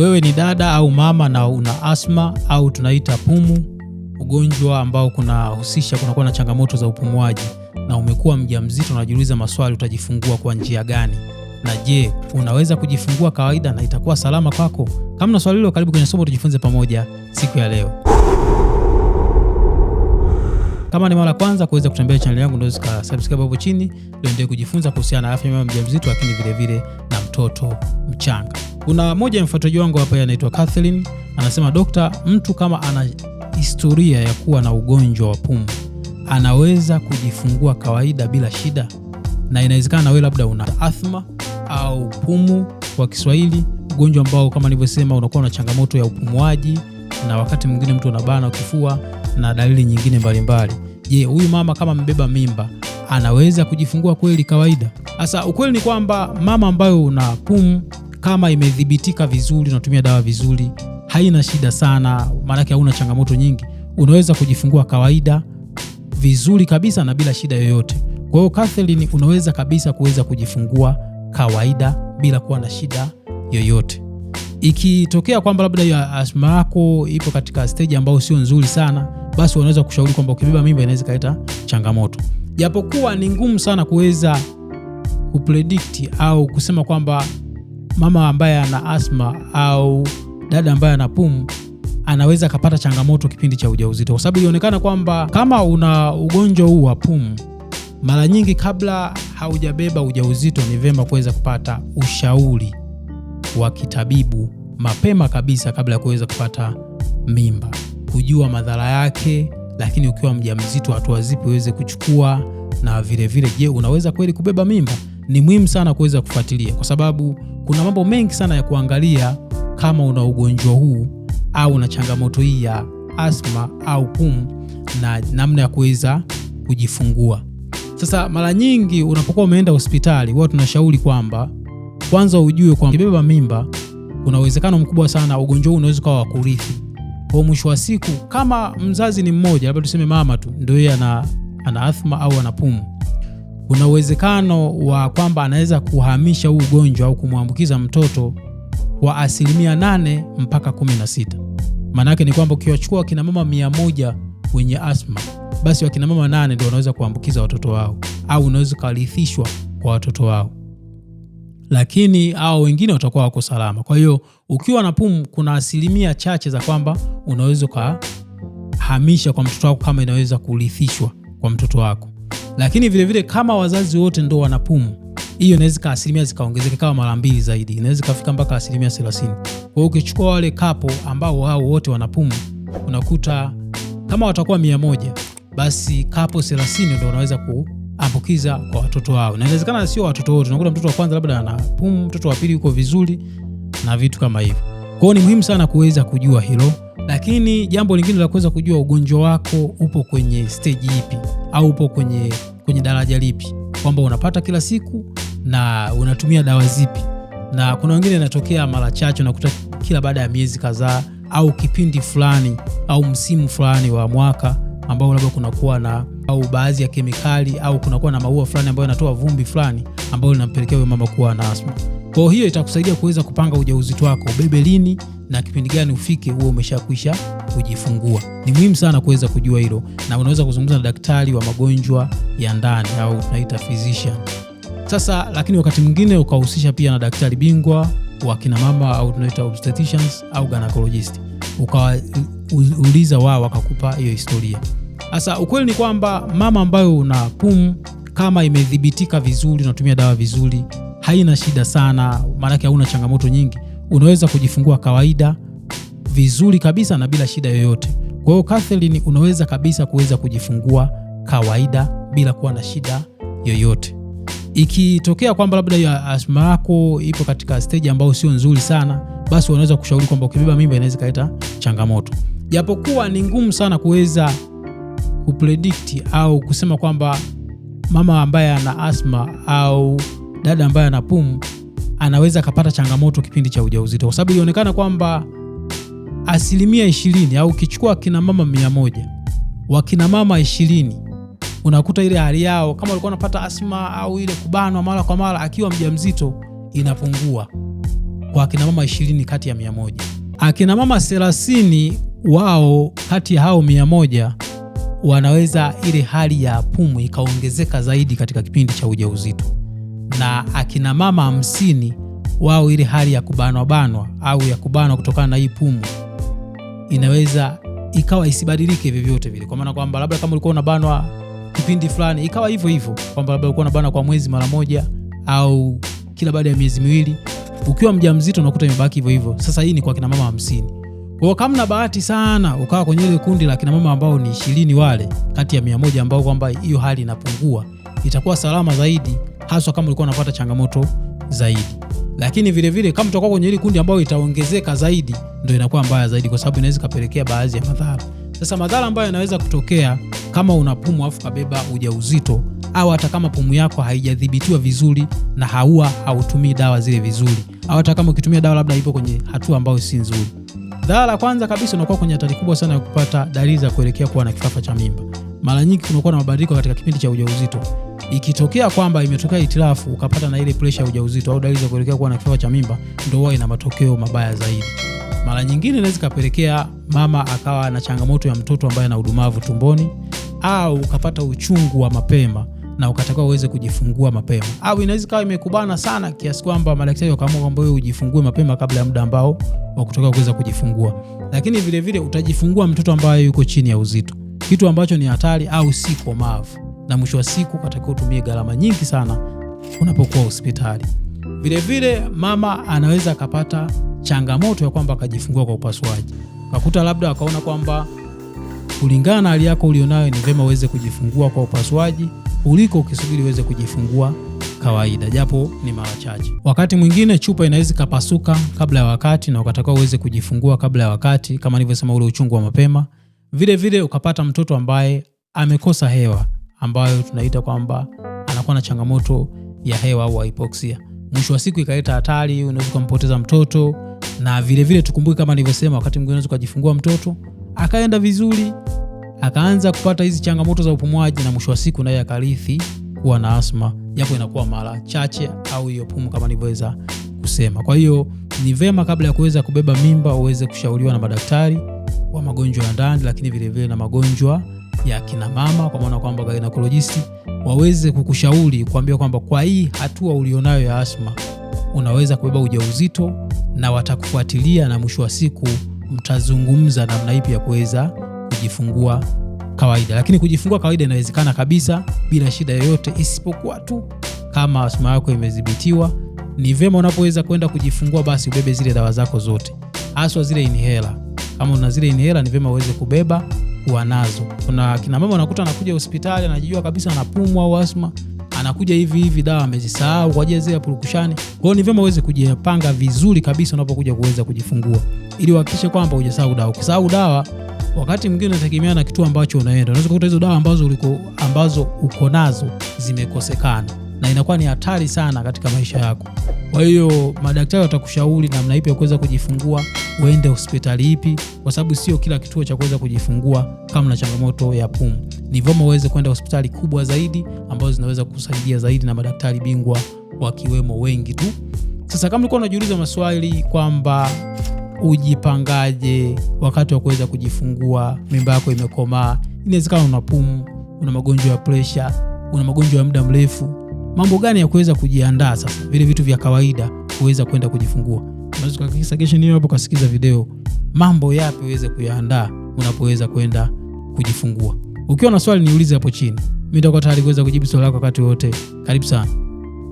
Wewe ni dada au mama na una asma au tunaita pumu, ugonjwa ambao kunahusisha kunakuwa na changamoto za upumuaji, na umekuwa mjamzito unajiuliza maswali, utajifungua kwa njia gani? Na je, unaweza kujifungua kawaida na itakuwa salama kwako? Kama na swali hilo, karibu kwenye somo tujifunze pamoja siku ya leo. Kama ni mara kwanza kuweza kutembea chaneli yangu, ndio zika subscribe hapo chini, ndio kujifunza kuhusiana na afya ya mama mjamzito, lakini vilevile na mtoto mchanga. Kuna moja ya mfuatiliaji wangu hapa anaitwa Kathleen, anasema dokta, mtu kama ana historia ya kuwa na ugonjwa wa pumu anaweza kujifungua kawaida bila shida? Na inawezekana wewe labda una athma au pumu kwa Kiswahili, ugonjwa ambao kama nilivyosema unakuwa na changamoto ya upumuaji na wakati mwingine mtu anabana kifua na dalili nyingine mbalimbali. Je, huyu mama kama mbeba mimba anaweza kujifungua kweli kawaida? Sasa ukweli ni kwamba mama ambayo una pumu kama imedhibitika vizuri, unatumia dawa vizuri, haina shida sana, maanake hauna changamoto nyingi, unaweza kujifungua kawaida vizuri kabisa na bila shida yoyote. Kwa hiyo Catherine, unaweza kabisa kuweza kujifungua kawaida bila kuwa na shida yoyote. Ikitokea kwamba labda asma yako ipo katika steji ambayo sio nzuri sana, basi wanaweza kushauri kwamba ukibeba mimba inaweza ikaleta changamoto, japokuwa ni ngumu sana kuweza kupredikti au kusema kwamba mama ambaye ana asma au dada ambaye ana pumu anaweza akapata changamoto kipindi cha ujauzito, kwa sababu ilionekana kwamba kama una ugonjwa huu wa pumu, mara nyingi kabla haujabeba ujauzito, ni vyema kuweza kupata ushauri wa kitabibu mapema kabisa kabla ya kuweza kupata mimba, kujua madhara yake, lakini ukiwa mjamzito, hatua zipi uweze kuchukua, na vilevile, je, unaweza kweli kubeba mimba? ni muhimu sana kuweza kufuatilia, kwa sababu kuna mambo mengi sana ya kuangalia kama una ugonjwa huu au una changamoto hii ya asma au pumu na namna ya kuweza kujifungua. Sasa mara nyingi unapokuwa umeenda hospitali, huwa tunashauri kwamba kwanza ujue kwa kibeba mimba, kuna uwezekano mkubwa sana ugonjwa huu unaweza kuwa wakurithi Kwa mwisho wa siku, kama mzazi ni mmoja, labda tuseme mama tu ndio yeye ana, ana asma au ana pumu kuna uwezekano wa kwamba anaweza kuhamisha huu ugonjwa au kumwambukiza mtoto kwa asilimia nane mpaka 16. Maana yake ni kwamba ukiwachukua wakina mama mia moja wenye asma, basi wakina mama nane ndio wanaweza kuambukiza watoto wao, au unaweza ukarithishwa kwa watoto wao, lakini hao wengine watakuwa wako salama. Kwa hiyo ukiwa na pumu, kuna asilimia chache za kwamba unaweza ukahamisha kwa mtoto wako, kama inaweza kurithishwa kwa mtoto wako. Lakini vilevile vile kama wazazi wote ndo wana pumu hiyo inaweza ka asilimia zikaongezeka kama mara mbili zaidi, inaweza kafika mpaka asilimia 30. Kwa hiyo ukichukua wale kapo ambao wao wote wana pumu, unakuta kama watakuwa mia moja basi kapo 30 ndo wanaweza kuambukiza kwa watoto wao, na inawezekana sio watoto wote. Unakuta mtoto wa kwanza labda ana pumu, mtoto wa pili yuko vizuri na vitu kama hivyo. Kwa hiyo ni muhimu sana kuweza kujua hilo. Lakini jambo lingine la kuweza kujua ugonjwa wako upo kwenye steji ipi au upo kwenye kwenye daraja lipi, kwamba unapata kila siku na unatumia dawa zipi. Na kuna wengine inatokea mara chache, unakuta kila baada ya miezi kadhaa au kipindi fulani au msimu fulani wa mwaka ambao labda kunakuwa na au baadhi ya kemikali au kunakuwa na maua fulani ambayo yanatoa vumbi fulani ambayo linampelekea huyo mama kuwa na asma. Kwa hiyo itakusaidia kuweza kupanga ujauzito wako, ubebe lini na kipindi gani ufike huwe umeshakwisha kujifungua. Ni muhimu sana kuweza kujua hilo, na unaweza kuzungumza na daktari wa magonjwa ya ndani au tunaita physician. Sasa lakini wakati mwingine ukahusisha pia na daktari bingwa wa kina mama au tunaita obstetricians au gynecologist, ukawauliza wao wakakupa hiyo historia. Sasa ukweli ni kwamba mama ambayo una pumu kama imedhibitika vizuri, unatumia dawa vizuri, haina shida sana, maanake hauna changamoto nyingi, unaweza kujifungua kawaida vizuri kabisa na bila shida yoyote. Kwa hiyo Catherine, unaweza kabisa kuweza kujifungua kawaida bila kuwa na shida yoyote. Ikitokea kwamba labda asma yako ipo katika stage ambayo sio nzuri sana, basi unaweza kushauri kwamba ukibeba mimba inaweza kaleta changamoto, japokuwa ni ngumu sana kuweza kupredict au kusema kwamba mama ambaye ana asma au dada ambaye ana pumu anaweza akapata changamoto kipindi cha ujauzito, kwa sababu ilionekana kwamba asilimia ishirini au ukichukua kina mama mia moja wakina mama ishirini unakuta ile hali yao kama walikuwa wanapata asma au ile kubanwa mara kwa mara akiwa mjamzito inapungua kwa akina mama ishirini kati ya mia moja. Akina mama thelathini wao kati ya hao mia moja wanaweza ile hali ya pumu ikaongezeka zaidi katika kipindi cha ujauzito na akina mama hamsini wao ile hali ya kubanwabanwa au ya kubanwa kutokana na hii pumu inaweza ikawa isibadilike vyovyote vile, kwa maana kwamba labda kama ulikuwa unabanwa kipindi fulani ikawa hivyo hivyo, kwamba labda ulikuwa unabanwa kwa mwezi mara moja au kila baada ya miezi miwili, ukiwa mjamzito unakuta imebaki hivyo hivyo. Sasa hii ni kwa kina mama hamsini. Kwa kama na bahati sana ukawa kwenye ile kundi la kina mama ambao ni ishirini wale kati ya mia moja ambao kwamba hiyo hali inapungua, itakuwa salama zaidi haswa kama ulikuwa unapata changamoto zaidi. Lakini vile vile kama utakuwa kwenye ile kundi ambayo itaongezeka zaidi, ndio inakuwa mbaya zaidi, kwa sababu inaweza kapelekea baadhi ya madhara. Sasa madhara ambayo yanaweza kutokea kama unapumu afu kabeba ujauzito au hata kama pumu yako haijadhibitiwa vizuri na haua hautumii dawa zile vizuri, au hata kama ukitumia dawa labda ipo kwenye hatua ambayo si nzuri. Dhara la kwanza kabisa, unakuwa kwenye hatari kubwa sana ya kupata dalili za kuelekea kuwa na kifafa cha mimba. Mara nyingi kunakuwa na mabadiliko katika kipindi cha ujauzito. Ikitokea kwamba imetokea itilafu ukapata na ile presha ya ujauzito au dalili za kuelekea kuwa na kifo cha mimba, ndio huwa ina matokeo mabaya zaidi. Mara nyingine inaweza ikapelekea mama akawa na changamoto ya mtoto ambaye ana udumavu tumboni, au ukapata uchungu wa mapema na ukatakiwa uweze kujifungua mapema, au inaweza ikawa imekubana sana kiasi kwamba madaktari wakaamua kwamba wewe ujifungue mapema kabla ya muda ambao wa kutoka kuweza kujifungua. Lakini vilevile utajifungua mtoto ambaye yuko chini ya uzito, kitu ambacho ni hatari au si komavu na mwisho wa siku unatakiwa utumie gharama nyingi sana unapokuwa hospitali. Vilevile mama anaweza akapata changamoto ya kwamba akajifungua kwa upasuaji, kakuta labda akaona kwamba kulingana na hali yako ulionayo ni vyema uweze kujifungua kwa upasuaji kuliko ukisubiri uweze kujifungua kawaida, japo ni mara chache. Wakati mwingine chupa inaweza ikapasuka kabla ya wakati na ukatakiwa uweze kujifungua kabla ya wakati, kama nilivyosema, ule uchungu wa mapema. Vile vile ukapata mtoto ambaye amekosa hewa ambayo tunaita kwamba anakuwa na changamoto ya hewa au hypoxia. Mwisho wa siku ikaleta hatari, unaweza kumpoteza mtoto, na vile vile tukumbuke, kama nilivyosema, wakati mwingine unaweza kujifungua mtoto akaenda vizuri, akaanza kupata hizi changamoto za upumuaji, na mwisho wa siku naye akarithi kuwa na asma, japo inakuwa mara chache au hiyo pumu kama nilivyoweza kusema. Kwa hiyo ni vema kabla ya kuweza kubeba mimba uweze kushauriwa na madaktari wa magonjwa ya ndani, lakini vilevile na magonjwa ya kina mama, kwa maana kwamba gynecologists waweze kukushauri kuambia kwamba kwa hii hatua ulionayo ya asma unaweza kubeba ujauzito, na watakufuatilia na mwisho wa siku mtazungumza namna ipi ya kuweza kujifungua kawaida. Lakini kujifungua kawaida inawezekana kabisa bila shida yoyote, isipokuwa tu kama asma yako imedhibitiwa. Ni vyema unapoweza kwenda kujifungua, basi ubebe zile dawa zako zote, haswa zile inhela. Kama una zile inhela, ni vyema uweze kubeba nazo Kuna kina mama unakuta anakuja hospitali anajijua kabisa anapumwa au asma, anakuja hivi hivi dawa amezisahau kwa ajili ya purukushani. Kwa hiyo ni vyema uweze kujipanga vizuri kabisa unapokuja kuweza kujifungua ili uhakikishe kwamba hujasahau dawa. Ukisahau dawa wakati mwingine unategemea na kituo ambacho unaenda, unaweza kukuta hizo dawa ambazo uliko ambazo uko nazo zimekosekana na inakuwa ni hatari sana katika maisha yako. Kwa hiyo madaktari watakushauri namna ipi ya kuweza kujifungua, uende hospitali ipi, kwa sababu sio kila kituo cha kuweza kujifungua kama na changamoto ya pumu. Ni vyema uweze kwenda hospitali kubwa zaidi ambazo zinaweza kusaidia zaidi na madaktari bingwa wakiwemo wengi tu. Sasa kama ulikuwa unajiuliza maswali kwamba ujipangaje wakati wa kuweza kujifungua, mimba yako imekomaa, inawezekana una pumu, una magonjwa ya presha, una magonjwa ya muda mrefu mambo gani ya kuweza kujiandaa sasa, vile vitu vya kawaida kuweza kwenda kujifungua. Unaweza kuhakikisha kesho hapo kasikiza video, mambo yapi uweze kuyaandaa unapoweza kwenda kujifungua. Ukiwa na swali niulize hapo chini, mimi takuwa tayari kuweza kujibu swali lako wakati wote. Karibu sana.